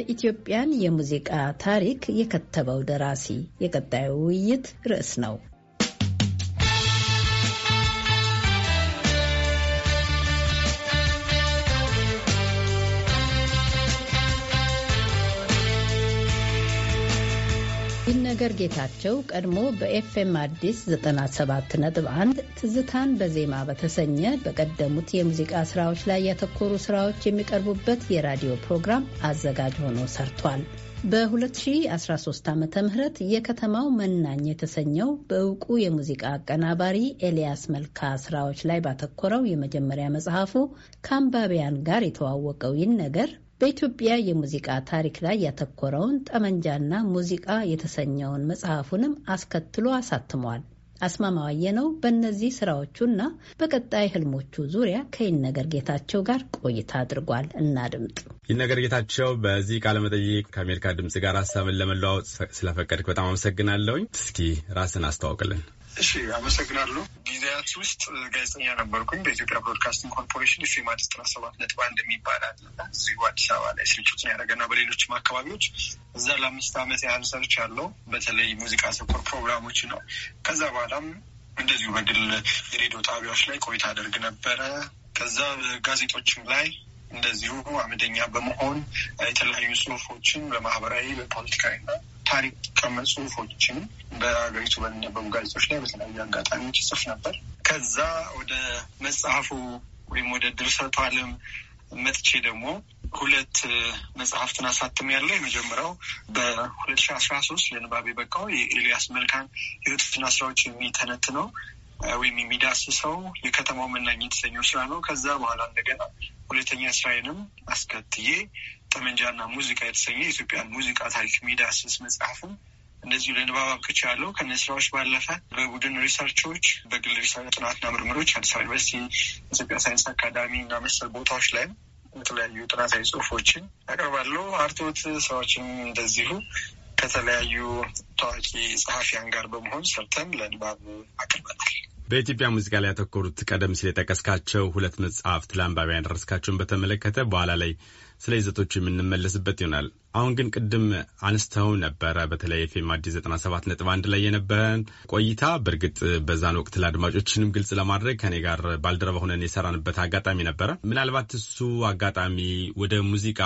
የኢትዮጵያን የሙዚቃ ታሪክ የከተበው ደራሲ የቀጣዩ ውይይት ርዕስ ነው። ይነገር ጌታቸው ቀድሞ በኤፍኤም አዲስ 1 ትዝታን በዜማ በተሰኘ በቀደሙት የሙዚቃ ስራዎች ላይ ያተኮሩ ስራዎች የሚቀርቡበት የራዲዮ ፕሮግራም አዘጋጅ ሆኖ ሰርቷል። በ2013 ዓ ም የከተማው መናኝ የተሰኘው በእውቁ የሙዚቃ አቀናባሪ ኤልያስ መልካ ስራዎች ላይ ባተኮረው የመጀመሪያ መጽሐፉ ከአንባቢያን ጋር የተዋወቀው ነገር በኢትዮጵያ የሙዚቃ ታሪክ ላይ ያተኮረውን ጠመንጃና ሙዚቃ የተሰኘውን መጽሐፉንም አስከትሎ አሳትሟል። አስማማዋየ ነው በእነዚህ ስራዎቹና በቀጣይ ህልሞቹ ዙሪያ ከይነገር ጌታቸው ጋር ቆይታ አድርጓል። እናድምጥ። ይነገር ጌታቸው፣ በዚህ መጠይቅ ከአሜሪካ ድምፅ ጋር ሀሳብን ለመለዋወጥ ስለፈቀድክ በጣም አመሰግናለሁኝ። እስኪ ራስን አስተዋውቅልን። እሺ አመሰግናለሁ። ጊዜያት ውስጥ ጋዜጠኛ ነበርኩኝ በኢትዮጵያ ብሮድካስቲንግ ኮርፖሬሽን ኤፍ ኤም አዲስ ጥራት ሰባት ነጥብ አንድ የሚባል አለ እና እዚሁ አዲስ አበባ ላይ ስርጭቱን ያደረገና በሌሎችም አካባቢዎች እዛ ለአምስት ዓመት ያህል ሰርች ያለው በተለይ ሙዚቃ ሰኮር ፕሮግራሞች ነው። ከዛ በኋላም እንደዚሁ በግል የሬዲዮ ጣቢያዎች ላይ ቆይታ አደርግ ነበረ። ከዛ ጋዜጦችም ላይ እንደዚሁ አመደኛ በመሆን የተለያዩ ጽሁፎችን በማህበራዊ በፖለቲካዊ ታሪክ ቀመ ጽሁፎችን በሀገሪቱ በሚነበቡ ጋዜጦች ላይ በተለያዩ አጋጣሚዎች ይጽፍ ነበር። ከዛ ወደ መጽሐፉ ወይም ወደ ድርሰቱ ዓለም መጥቼ ደግሞ ሁለት መጽሐፍትን አሳትም ያለው የመጀመሪያው በሁለት ሺ አስራ ሶስት ለንባብ የበቃው የኤልያስ መልካን ህይወትና ስራዎች የሚተነትነው ወይም የሚዳስሰው የከተማው መናኝ የተሰኘው ስራ ነው። ከዛ በኋላ እንደገና ሁለተኛ ስራዬንም አስከትዬ ጠመንጃና ሙዚቃ የተሰኘ የኢትዮጵያን ሙዚቃ ታሪክ የሚዳስስ መጽሐፍም እንደዚሁ ለንባብ አብቅቻለሁ። ከነ ስራዎች ባለፈ በቡድን ሪሰርቾች፣ በግል ሪሰር ጥናትና ምርምሮች አዲስ አበባ ዩኒቨርሲቲ፣ ኢትዮጵያ ሳይንስ አካዳሚ እና መሰል ቦታዎች ላይም የተለያዩ ጥናታዊ ጽሁፎችን ያቀርባለሁ። አርቶት ስራዎችን እንደዚሁ ከተለያዩ ታዋቂ ጸሐፊያን ጋር በመሆን ሰርተን ለንባብ አቅርበናል። በኢትዮጵያ ሙዚቃ ላይ ያተኮሩት ቀደም ሲል የጠቀስካቸው ሁለት መጽሐፍት ለአንባቢያን ያደረስካቸውን በተመለከተ በኋላ ላይ ስለ ይዘቶቹ የምንመለስበት ይሆናል። አሁን ግን ቅድም አንስተው ነበረ። በተለይ ፌም አዲስ 97 ነጥብ አንድ ላይ የነበረን ቆይታ በእርግጥ በዛን ወቅት ለአድማጮችንም ግልጽ ለማድረግ ከኔ ጋር ባልደረባ ሆነን የሰራንበት አጋጣሚ ነበረ። ምናልባት እሱ አጋጣሚ ወደ ሙዚቃ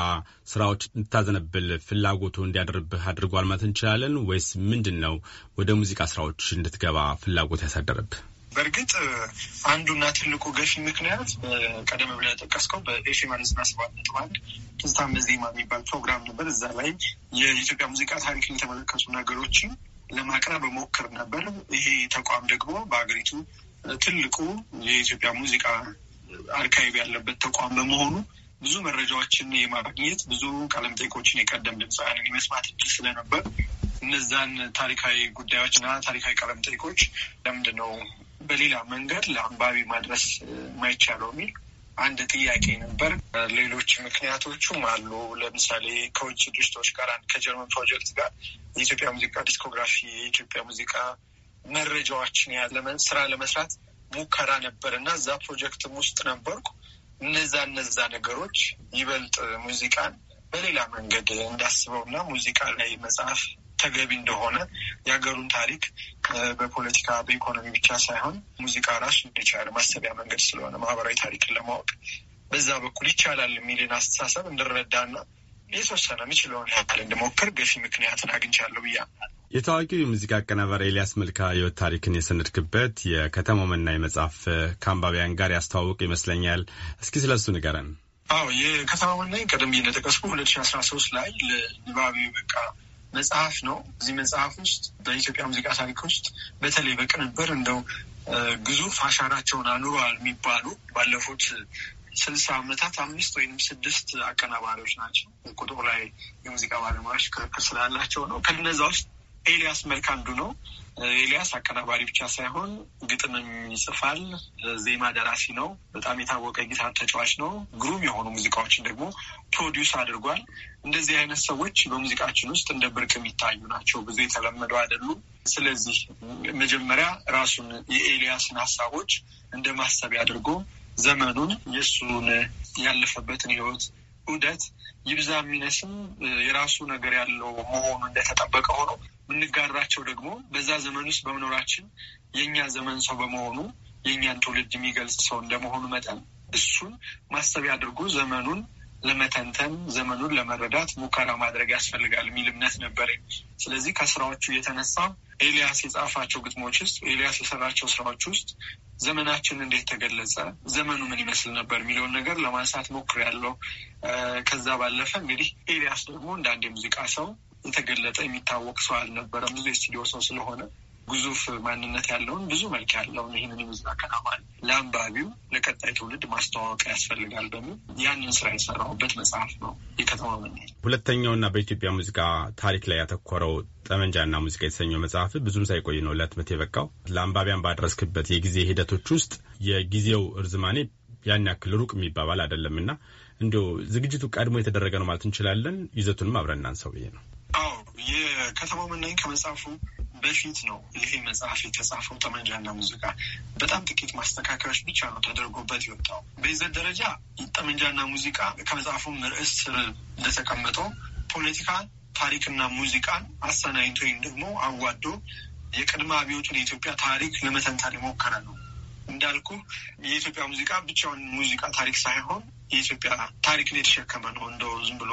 ስራዎች እንድታዘነብል ፍላጎቱ እንዲያደርብህ አድርጓል ማለት እንችላለን ወይስ ምንድን ነው ወደ ሙዚቃ ስራዎች እንድትገባ ፍላጎት ያሳደረብህ? በእርግጥ አንዱና ትልቁ ገፊ ምክንያት ቀደም ብለህ ጠቀስከው በኤፌማን ዝና ሰባት ነጥብ አንድ ትዝታ መዜማ የሚባል ፕሮግራም ነበር። እዛ ላይ የኢትዮጵያ ሙዚቃ ታሪክን የተመለከቱ ነገሮችን ለማቅረብ ሞክር ነበር። ይሄ ተቋም ደግሞ በሀገሪቱ ትልቁ የኢትዮጵያ ሙዚቃ አርካይቭ ያለበት ተቋም በመሆኑ ብዙ መረጃዎችን የማግኘት ብዙ ቃለመጠይቆችን የቀደም ድምፃውያንን የመስማት እድል ስለነበር እነዛን ታሪካዊ ጉዳዮችና ታሪካዊ ቃለመጠይቆች ለምንድን ነው በሌላ መንገድ ለአንባቢ ማድረስ የማይቻለው የሚል አንድ ጥያቄ ነበር። ሌሎች ምክንያቶቹም አሉ። ለምሳሌ ከውጭ ድርጅቶች ጋር ከጀርመን ፕሮጀክት ጋር የኢትዮጵያ ሙዚቃ ዲስኮግራፊ የኢትዮጵያ ሙዚቃ መረጃዎችን ያለመን ስራ ለመስራት ሙከራ ነበር እና እዛ ፕሮጀክትም ውስጥ ነበርኩ። እነዛ እነዛ ነገሮች ይበልጥ ሙዚቃን በሌላ መንገድ እንዳስበው እና ሙዚቃ ላይ መጽሐፍ ተገቢ እንደሆነ የሀገሩን ታሪክ በፖለቲካ በኢኮኖሚ ብቻ ሳይሆን ሙዚቃ ራሱ እንደቻለ ማሰቢያ መንገድ ስለሆነ ማህበራዊ ታሪክን ለማወቅ በዛ በኩል ይቻላል የሚልን አስተሳሰብ እንድረዳና የተወሰነ የምችለውን ያህል እንድሞክር ገፊ ምክንያትን አግኝቻለሁ ብያ የታዋቂው የሙዚቃ አቀናባሪ ኤልያስ መልካ ህይወት ታሪክን የሰነድክበት የከተማው መና መጽሐፍ ከአንባቢያን ጋር ያስተዋወቅ ይመስለኛል። እስኪ ስለ እሱ ንገረን። አዎ የከተማው መና ቀደም ብዬ እንደጠቀስኩ ሁለት ሺ አስራ ሶስት ላይ ለንባቢ በቃ መጽሐፍ ነው። እዚህ መጽሐፍ ውስጥ በኢትዮጵያ ሙዚቃ ታሪክ ውስጥ በተለይ በቅንብር እንደው ግዙፍ አሻራቸውን አኑረዋል የሚባሉ ባለፉት ስልሳ ዓመታት አምስት ወይም ስድስት አቀናባሪዎች ናቸው። ቁጥሩ ላይ የሙዚቃ ባለሙያዎች ክርክር ስላላቸው ነው። ከነዛ ውስጥ ኤልያስ መልክ አንዱ ነው። ኤልያስ አቀናባሪ ብቻ ሳይሆን ግጥምም ይጽፋል። ዜማ ደራሲ ነው። በጣም የታወቀ ጊታር ተጫዋች ነው። ግሩም የሆኑ ሙዚቃዎችን ደግሞ ፕሮዲውስ አድርጓል። እንደዚህ አይነት ሰዎች በሙዚቃችን ውስጥ እንደ ብርቅ የሚታዩ ናቸው። ብዙ የተለመዱ አይደሉም። ስለዚህ መጀመሪያ ራሱን የኤልያስን ሀሳቦች እንደ ማሰቢያ አድርጎ ዘመኑን የእሱን ያለፈበትን ህይወት ውደት ይብዛ የሚነስም የራሱ ነገር ያለው መሆኑ እንደተጠበቀ ሆኖ የምንጋራቸው ደግሞ በዛ ዘመን ውስጥ በመኖራችን የእኛ ዘመን ሰው በመሆኑ የእኛን ትውልድ የሚገልጽ ሰው እንደመሆኑ መጠን እሱን ማሰብ አድርጎ ዘመኑን ለመተንተን ዘመኑን ለመረዳት ሙከራ ማድረግ ያስፈልጋል የሚል እምነት ነበረኝ። ስለዚህ ከስራዎቹ የተነሳ ኤልያስ የጻፋቸው ግጥሞች ውስጥ ኤልያስ የሰራቸው ስራዎች ውስጥ ዘመናችን እንዴት ተገለጸ፣ ዘመኑ ምን ይመስል ነበር የሚለውን ነገር ለማንሳት ሞክሬያለሁ። ከዛ ባለፈ እንግዲህ ኤልያስ ደግሞ እንደ አንድ የሙዚቃ ሰው የተገለጠ የሚታወቅ ሰው አልነበረም። ብዙ የስቱዲዮ ሰው ስለሆነ ግዙፍ ማንነት ያለውን ብዙ መልክ ያለውን ይህንን የምዝና አማል ለአንባቢው ለቀጣይ ትውልድ ማስተዋወቅ ያስፈልጋል በሚል ያንን ስራ የሰራሁበት መጽሐፍ ነው የከተማ መናኝ። ሁለተኛውና በኢትዮጵያ ሙዚቃ ታሪክ ላይ ያተኮረው ጠመንጃና ሙዚቃ የተሰኘው መጽሐፍ ብዙም ሳይቆይ ነው ለህትመት የበቃው። ለአንባቢያን ባደረስክበት የጊዜ ሂደቶች ውስጥ የጊዜው እርዝማኔ ያን ያክል ሩቅ የሚባባል አይደለምና እንዲሁ ዝግጅቱ ቀድሞ የተደረገ ነው ማለት እንችላለን። ይዘቱንም አብረናን ሰው ነው። የከተማው መናኝ ከመጽሐፉ በፊት ነው ይሄ መጽሐፍ የተጻፈው። ጠመንጃና ሙዚቃ በጣም ጥቂት ማስተካከያዎች ብቻ ነው ተደርጎበት የወጣው። በይዘት ደረጃ ጠመንጃና ሙዚቃ ከመጽሐፉም ርዕስ እንደተቀመጠው ፖለቲካ፣ ታሪክና ሙዚቃን አሰናኝቶ ወይም ደግሞ አዋዶ የቅድመ አብዮቱን የኢትዮጵያ ታሪክ ለመተንተን የሞከረ ነው። እንዳልኩ የኢትዮጵያ ሙዚቃ ብቻውን ሙዚቃ ታሪክ ሳይሆን የኢትዮጵያ ታሪክን የተሸከመ ነው። እንደው ዝም ብሎ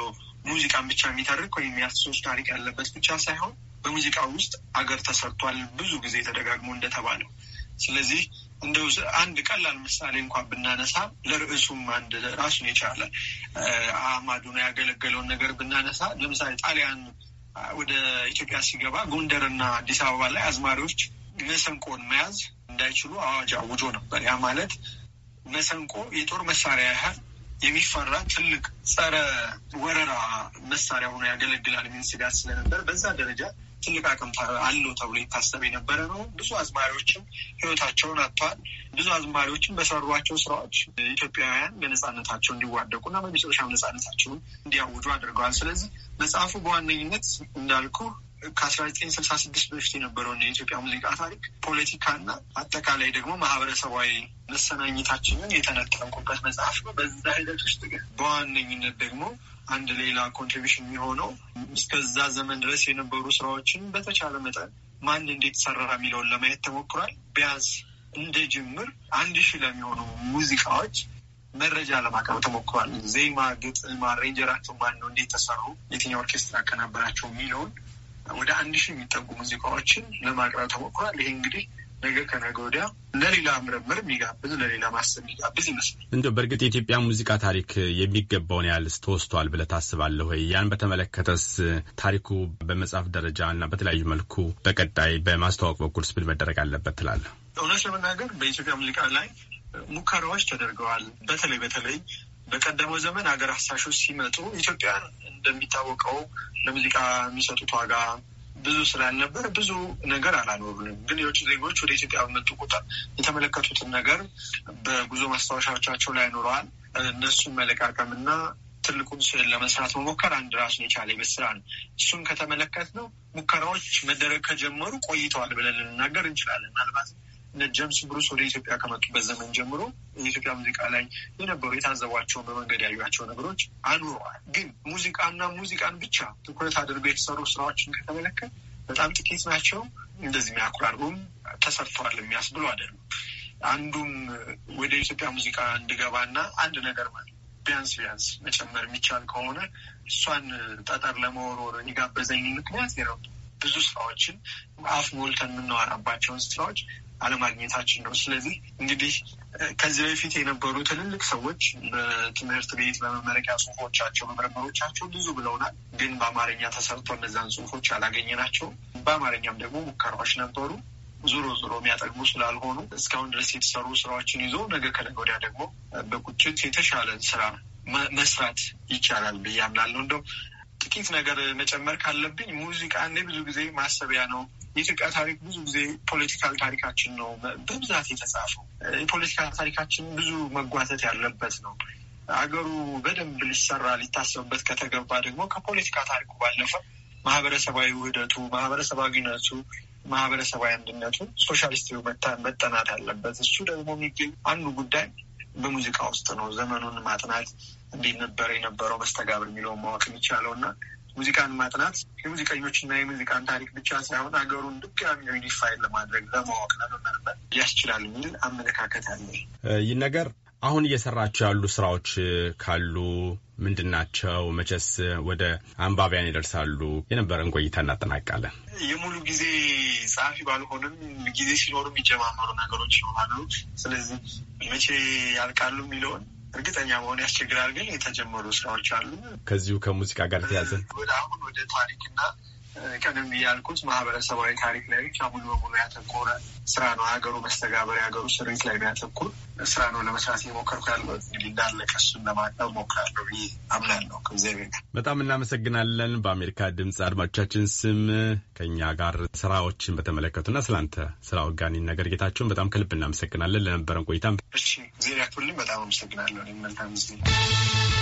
ሙዚቃን ብቻ የሚተርክ ወይም የአስሶስ ታሪክ ያለበት ብቻ ሳይሆን በሙዚቃ ውስጥ አገር ተሰርቷል ብዙ ጊዜ ተደጋግሞ እንደተባለው። ስለዚህ እንደ አንድ ቀላል ምሳሌ እንኳን ብናነሳ ለርዕሱም አንድ ራሱን የቻለ አማዱን ያገለገለውን ነገር ብናነሳ ለምሳሌ ጣሊያን ወደ ኢትዮጵያ ሲገባ ጎንደርና አዲስ አበባ ላይ አዝማሪዎች መሰንቆን መያዝ እንዳይችሉ አዋጅ አውጆ ነበር። ያ ማለት መሰንቆ የጦር መሳሪያ ያህል የሚፈራ ትልቅ ጸረ ወረራ መሳሪያ ሆኖ ያገለግላል የሚል ስጋት ስለነበር በዛ ደረጃ ትልቅ አቅም አለው ተብሎ ይታሰብ የነበረ ነው። ብዙ አዝማሪዎችም ህይወታቸውን አጥተዋል። ብዙ አዝማሪዎችም በሰሯቸው ስራዎች ኢትዮጵያውያን በነጻነታቸው እንዲዋደቁ እና በመጨረሻም ነጻነታቸውን እንዲያውጁ አድርገዋል። ስለዚህ መጽሐፉ በዋነኝነት እንዳልኩ ከአስራ ዘጠኝ ስልሳ ስድስት በፊት የነበረውን የኢትዮጵያ ሙዚቃ ታሪክ ፖለቲካና አጠቃላይ ደግሞ ማህበረሰባዊ መሰናኝታችንን የተነጠንኩበት መጽሐፍ ነው። በዛ ሂደት ውስጥ ግን በዋነኝነት ደግሞ አንድ ሌላ ኮንትሪቢሽን የሚሆነው እስከዛ ዘመን ድረስ የነበሩ ስራዎችን በተቻለ መጠን ማን እንዴት ሰራ የሚለውን ለማየት ተሞክሯል። ቢያንስ እንደ ጅምር አንድ ሺህ ለሚሆኑ ሙዚቃዎች መረጃ ለማቅረብ ተሞክሯል። ዜማ፣ ግጥም፣ አሬንጀራቸው ማን ነው፣ እንዴት ተሰሩ፣ የትኛው ኦርኬስትራ አቀናበራቸው የሚለውን ወደ አንድ ሺህ የሚጠጉ ሙዚቃዎችን ለማቅረብ ተሞክሯል። ይሄ እንግዲህ ነገ ከነገ ወዲያ ለሌላ ምርምር የሚጋብዝ ለሌላ ማሰብ የሚጋብዝ ይመስላል። እንዲያው በእርግጥ የኢትዮጵያ ሙዚቃ ታሪክ የሚገባውን ያህል ተወስቷል ብለህ ታስባለህ ወይ? ያን በተመለከተስ ታሪኩ በመጽሐፍ ደረጃ እና በተለያዩ መልኩ በቀጣይ በማስተዋወቅ በኩል ስብል መደረግ አለበት ትላለህ? እውነት ለመናገር በኢትዮጵያ ሙዚቃ ላይ ሙከራዎች ተደርገዋል። በተለይ በተለይ በቀደመው ዘመን ሀገር አሳሾች ሲመጡ ኢትዮጵያን እንደሚታወቀው ለሙዚቃ የሚሰጡት ዋጋ ብዙ ስላልነበረ ብዙ ነገር አላኖሩንም። ግን የውጭ ዜጎች ወደ ኢትዮጵያ በመጡ ቁጥር የተመለከቱትን ነገር በጉዞ ማስታወሻዎቻቸው ላይ ኖረዋል። እነሱን መለቃቀምና ትልቁን ስዕል ለመስራት መሞከር አንድ ራሱን የቻለ ስራ ነው። እሱን ከተመለከት ነው ሙከራዎች መደረግ ከጀመሩ ቆይተዋል ብለን ልንናገር እንችላለን። ምናልባት እነ ጀምስ ብሩስ ወደ ኢትዮጵያ ከመጡበት ዘመን ጀምሮ የኢትዮጵያ ሙዚቃ ላይ የነበሩ የታዘቧቸውን በመንገድ ያዩቸው ነገሮች አኑረዋል። ግን ሙዚቃና ሙዚቃን ብቻ ትኩረት አድርገው የተሰሩ ስራዎችን ከተመለከት በጣም ጥቂት ናቸው። እንደዚህ የሚያኩራሩም ተሰርተዋል የሚያስብሉ አይደሉም። አንዱም ወደ ኢትዮጵያ ሙዚቃ እንድገባና አንድ ነገር ማለት ቢያንስ ቢያንስ መጨመር የሚቻል ከሆነ እሷን ጠጠር ለመወርወር የጋበዘኝ ምክንያት ነው። ብዙ ስራዎችን አፍ ሞልተን የምናወራባቸውን ስራዎች አለማግኘታችን ነው። ስለዚህ እንግዲህ ከዚህ በፊት የነበሩ ትልልቅ ሰዎች በትምህርት ቤት በመመረቂያ ጽሁፎቻቸው፣ በምርምሮቻቸው ብዙ ብለውናል። ግን በአማርኛ ተሰርቶ እነዛን ጽሁፎች አላገኘናቸውም። በአማርኛም ደግሞ ሙከራዎች ነበሩ። ዙሮ ዙሮ የሚያጠግቡ ስላልሆኑ እስካሁን ድረስ የተሰሩ ስራዎችን ይዞ ነገ ከነገ ወዲያ ደግሞ በቁጭት የተሻለ ስራ መስራት ይቻላል ብዬ አምናለሁ። እንደው ጥቂት ነገር መጨመር ካለብኝ ሙዚቃ እኔ ብዙ ጊዜ ማሰቢያ ነው። የኢትዮጵያ ታሪክ ብዙ ጊዜ ፖለቲካል ታሪካችን ነው በብዛት የተጻፈው። የፖለቲካ ታሪካችን ብዙ መጓተት ያለበት ነው። አገሩ በደንብ ሊሰራ ሊታሰብበት ከተገባ ደግሞ ከፖለቲካ ታሪኩ ባለፈ ማህበረሰባዊ ውህደቱ፣ ማህበረሰባዊነቱ፣ ማህበረሰባዊ አንድነቱ ሶሻሊስት መጠናት አለበት። እሱ ደግሞ የሚገኝ አንዱ ጉዳይ በሙዚቃ ውስጥ ነው ዘመኑን ማጥናት እንዴት ነበረ የነበረው መስተጋብር የሚለውን ማወቅ የሚቻለው እና ሙዚቃን ማጥናት የሙዚቀኞች እና የሙዚቃን ታሪክ ብቻ ሳይሆን ሀገሩን ድጋሚ ዩኒፋይድ ለማድረግ ለማወቅ ለመመርመር ያስችላል የሚል አመለካከት አለ። ይህ ነገር አሁን እየሰራቸው ያሉ ስራዎች ካሉ ምንድን ናቸው? መቼስ ወደ አንባቢያን ይደርሳሉ? የነበረን ቆይታ እናጠናቃለን። የሙሉ ጊዜ ጸሐፊ ባልሆንም ጊዜ ሲኖሩ የሚጀማመሩ ነገሮች ይኖራሉ ስለዚህ መቼ ያልቃሉ የሚለውን እርግጠኛ መሆን ያስቸግራል። ግን የተጀመሩ ስራዎች አሉ። ከዚሁ ከሙዚቃ ጋር ተያዘ ወደ አሁን ወደ ታሪክና ቀደም እያልኩት ማህበረሰባዊ ታሪክ ላይ ብቻ ሙሉ በሙሉ ያተኮረ ስራ ነው። ሀገሩ መስተጋበር፣ ሀገሩ ስሪት ላይ የሚያተኩር ስራ ነው ለመስራት የሞከርኩ ያለው እንግዲህ እንዳለ ቀሱን ለማቅረብ ሞክራለሁ ብዬ አምናለሁ። እግዚአብሔር በጣም እናመሰግናለን። በአሜሪካ ድምፅ አድማጮቻችን ስም ከኛ ጋር ስራዎችን በተመለከቱና ስለአንተ ስራ ወጋኒ ነገር ጌታቸውን በጣም ከልብ እናመሰግናለን ለነበረን ቆይታም። እሺ ዜሪያቱልን በጣም አመሰግናለሁ። መልካም ጊዜ